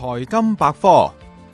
財金百科。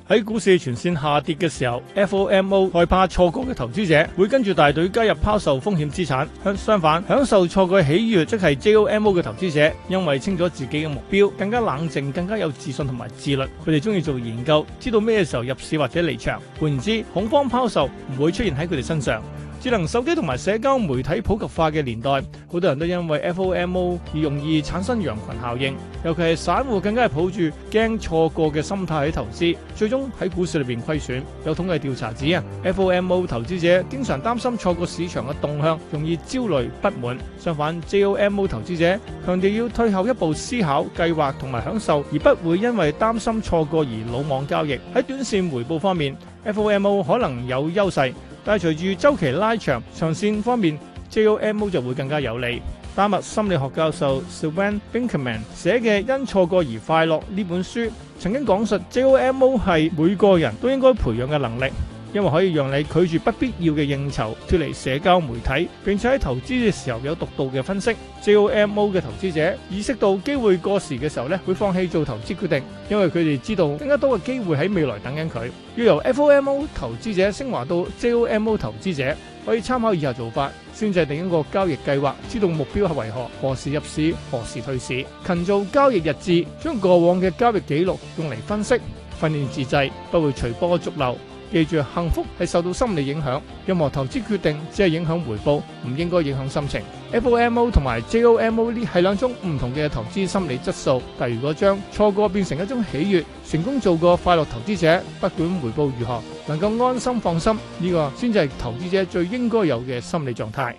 喺股市全線下跌嘅時候，FOMO 害怕錯過嘅投資者會跟住大隊加入拋售風險資產。相反，享受錯過喜悅即係 JOMO 嘅投資者，因為清楚自己嘅目標，更加冷靜，更加有自信同埋自律。佢哋中意做研究，知道咩時候入市或者離場。換言之，恐慌拋售唔會出現喺佢哋身上。智能手機同埋社交媒體普及化嘅年代，好多人都因為 FOMO 而容易產生羊群效應，尤其係散戶更加係抱住驚錯過嘅心態喺投資，最終喺股市裏邊虧損。有統計調查指啊，FOMO 投資者經常擔心錯過市場嘅動向，容易焦慮不滿；相反，JOMO 投資者強調要退後一步思考、計劃同埋享受，而不會因為擔心錯過而魯莽交易。喺短線回報方面，FOMO 可能有優勢。但係隨住週期拉長，長線方面，JOMO 就會更加有利。丹麥心理學教授 Sven Binkerman 寫嘅《因錯過而快樂》呢本書，曾經講述 JOMO 係每個人都應該培養嘅能力。因為可以讓你拒絕不必要嘅應酬，脱離社交媒體，並且喺投資嘅時候有獨到嘅分析。JOMO 嘅投資者意識到機會過時嘅時候咧，會放棄做投資決定，因為佢哋知道更加多嘅機會喺未來等緊佢。要由 FOMO 投資者升華到 JOMO 投資者，可以參考以下做法，先制定一個交易計劃，知道目標係為何，何時入市，何時退市，勤做交易日誌，將過往嘅交易記錄用嚟分析，訓練自制，不會隨波逐流。記住，幸福係受到心理影響，任何投資決定只係影響回報，唔應該影響心情。FOMO 同埋 JOMO 呢係兩種唔同嘅投資心理質素，但如果將錯過變成一種喜悅，成功做個快樂投資者，不管回報如何，能夠安心放心，呢個先至係投資者最應該有嘅心理狀態。